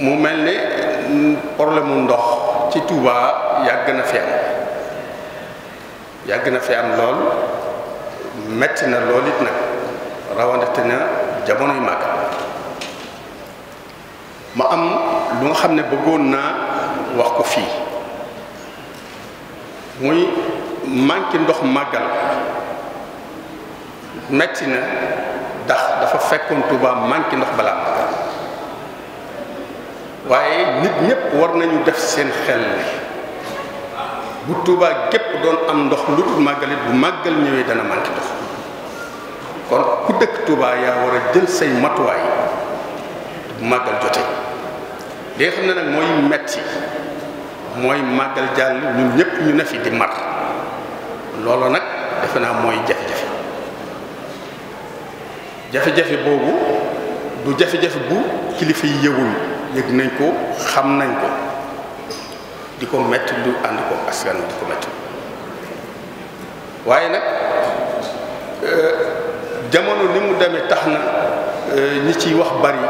mu mel ni mm, problème mu ndox ci Touba yàgg na fi am yàgg na fi am lool metti na lool it nag rawandate na jamonoy màgg mu am lu nga xam ne bëggoon naa wax ko fii muy manqué ndox màggal metti na ndax dafa fekkoon Touba manqué ndox balaa màggal waaye nit ñépp war nañu def seen xel bu Tuubaa képp doon am ndox lu dul màggalit bu màggal ñëwee dana manqué ndox kon ku dëkk Tuubaa yaa war a jël say matuwaay bu màggal jotee li nga xam ne nag mooy metti mooy màggal jàll ñun ñépp ñu ne fi di mar loolu nag defe naa mooy jafe-jafe jafe-jafe boobu du jafe-jafe bu kilifa yi yëwul yëg nañ ko xam nañ ko di ko metti lu ànd ko askan di ko metti waaye nag euh, jamono ni mu demee tax na euh, ñi ciy wax bari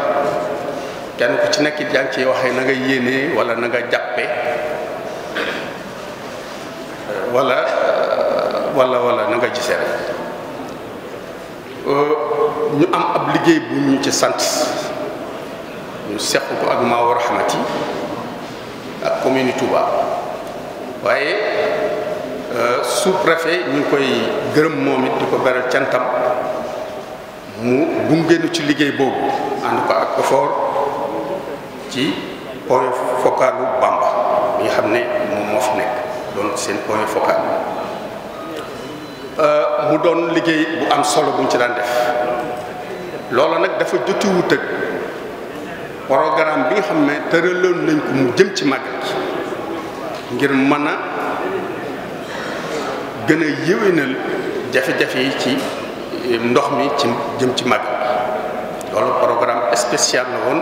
kenn ku ci nekk yaa ngi ciy waxee na nga yéenee wala na jàppe euh, wala wala wala na nga ñu am ab liggéey bu ñu ci sant ñu seq ko ak Maawu Rahmati ak commune Touba waaye euh, sous-préfet ñu ngi koy gërëm moom it di ko beral cantam mu gungeenu ci liggéey boobu ànd ko ak effort ci point focalu Bamba bi nga xam ne moom moo fi nekk doon seen point focal euh, mu doon liggéey bu am solo buñ ci daan def loola nag dafa jotiwut ak programme bi nga xam ne tëraloon nañ ko mu jëm ci màggal ngir mën a gën a yéwénal jafe-jafe yi ci eh, ndox mi ci jëm ci màggal loolu programme spécial la woon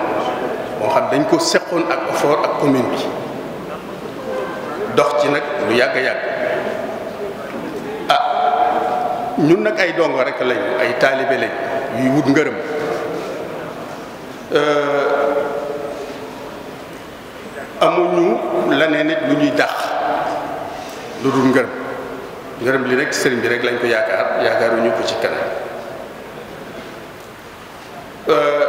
moo xam dañ ko seqoon ak effort ak commune bi dox ci nag lu yàgg a yàgg ah ñun nag ay dongo rek lañu ay taalibe lañ yuy wut ngërëm. Euh, amuñu leneen nit lu ñuy dàq lu dul ngërëm ngërëm li rek sëriñ bi rek lañ ko yaakaar yaakaaruñu ko ci kanam euh,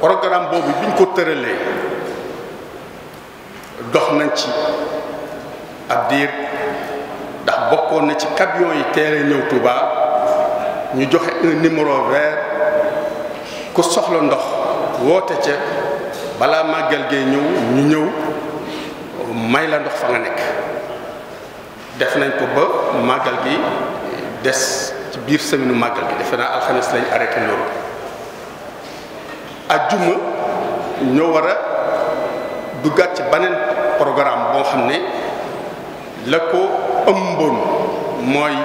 programme boobu biñ ko tëralee dox nañ ci ab diir ndax bokkoon na ci camion yi teere ñëw Touba ñu joxe un numéro vert ku soxla ndox woote ca balaa màggal gee ñëw ñu ñëw may la ndox fa nga nekk def nañ ko ba màggal gi des ci biir semaine màggal gi defe naa alxames lañ arrêté loolu ajjuma ñoo war a duggaat ci beneen programme boo xam ne la ko ëmboon mooy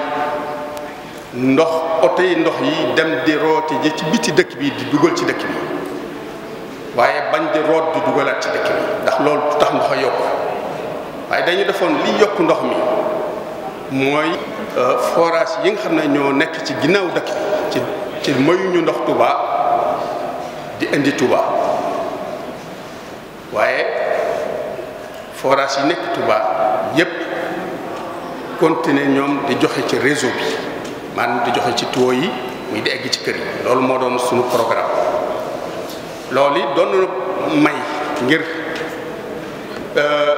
ndox oto yi ndox yi dem di rooti ji ci biti dëkk bi di dugal ci dëkk bi waaye bañ di root di dugalaat ci dëkk bi ndax loolu tax ndox a yokk waaye dañu defoon li yokk ndox mi mooy euh, forage yi nga xam ne ñoo nekk ci ginnaaw dëkk ci ci mayuñu ndox Touba di indi Touba waaye forage yi nekk Touba yépp continuer ñoom di joxe ci réseau bi maanaam di joxe ci tuyaux yi muy di egg ci kër yi loolu moo doon suñu programme loolu yi doon may ngir euh,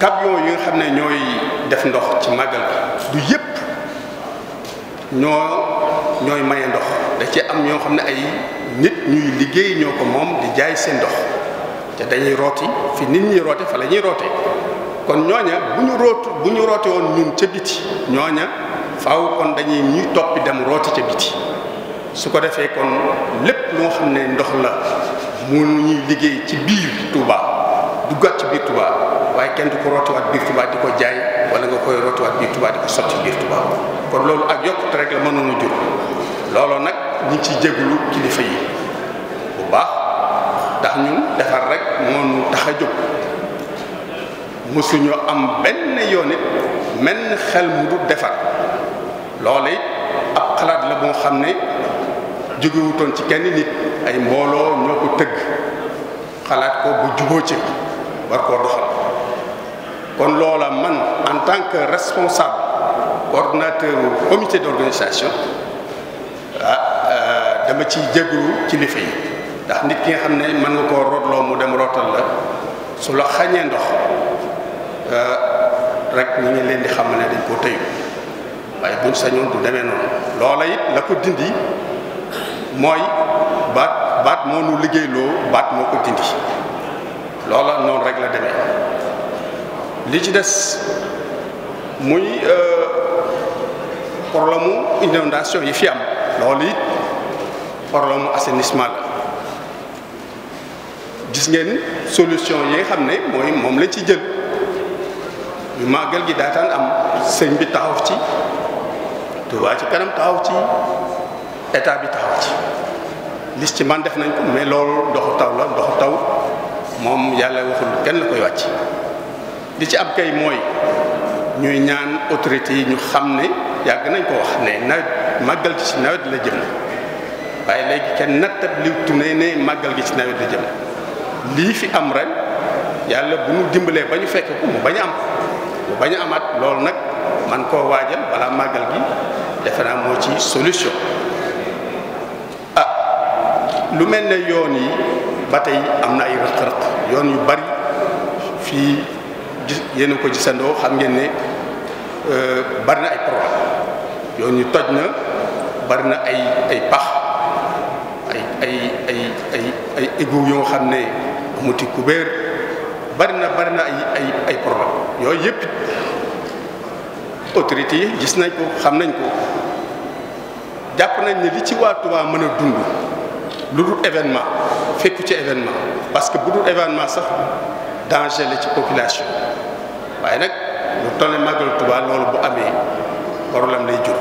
camion yi nga xam ne ñooy def ndox ci màggal du yépp ñoo ñooy maye ndox da ci am ñoo xam ne ay nit ñuy liggéey ñoo ko moom di jaay seen ndox te dañuy rooti fi nit ñi roote fa lañuy roote kon ñooña bu ñu root bu ñu roote woon ñun ca biti ñooña faaw kon dañuy ñuy toppi dem rooti ca biti su ko defee kon lépp loo xam ne ndox la mu ñuy liggéey ci biir Touba duggaat ci biir Touba waaye kenn du ko rootiwaat biir Touba di ko jaay wala nga koy rootiwaat biir Touba di ko sotti biir Touba kon loolu ak yokkute rek la mënoon a jur looloo nag ñu ci jéglu kilifa yi bu baax ndax ñun defar rek moo ñu tax a jóg mosuñu am benn yoon it menn xel mu defar loola it ab xalaat la boo xam ne jógewutoon ci kenn nit ay mbooloo ñoo ko tëgg xalaat ko bu juboo ci war koo doxal kon loola man en tant que responsable coordonnateur comité d'organisation ah euh, dama ci jégalu kilifa yi ndax nit ki nga xam ne mën nga koo rootloo mu dem rootal la su la xañee ndox euh, rek ñu ngi leen di xam ne dañ koo tëyu waaye buñ sañoon du demee noonu loola it la ko dindi mooy baat baat moo nu liggéeyloo baat moo ko dindi loola noonu rek la demee li ci des muy euh, problème mu inondation yi fi am loolu it problème mu assainissement la gis ngeen solution yi nga xam ne mooy moom lañ ci jël ñu màggal gi daataan am sëñ bi taxaw ci Touba ci kanam taxaw ci état bi taxaw ci lis ci man def nañ ko mais loolu ndoxu taw la ndoxu taw moom yàlla waxul kenn la koy wàcc li ci ab kay mooy ñuy ñaan autorité yi ñu xam ne yàgg nañ ko wax ne nawet màggal gi ci nawet la jëm waaye léegi kenn nattab li tune ne màggal gi ci nawet la jëm lii fi am ren yàlla bu ñu dimbalee ba ñu fekk ko mu bañ a am mu bañ a amaat loolu nag man koo waajal balaa màggal gi defe naa moo ci solution lu mel ne yoon yi ba tey am na ay rëq-rëq yoon yu bari fii gis yéen a ko gisandoo xam ngeen ne euh, bari na ay problème yoon yu toj na bari na ay ay pax ay ay ay ay ay égout yoo xam ne amuti kubéer bari na bari na ay ay ay problème yooyu yëpp autorité yi gis nañ ko xam nañ ko jàpp nañ ne li ci waa Touba mën a dund lu dul événement fekku ci événement parce que bu dul événement sax danger la ci population waaye nag lu toll Màggal Tuubaa loolu bu amee problème lay jur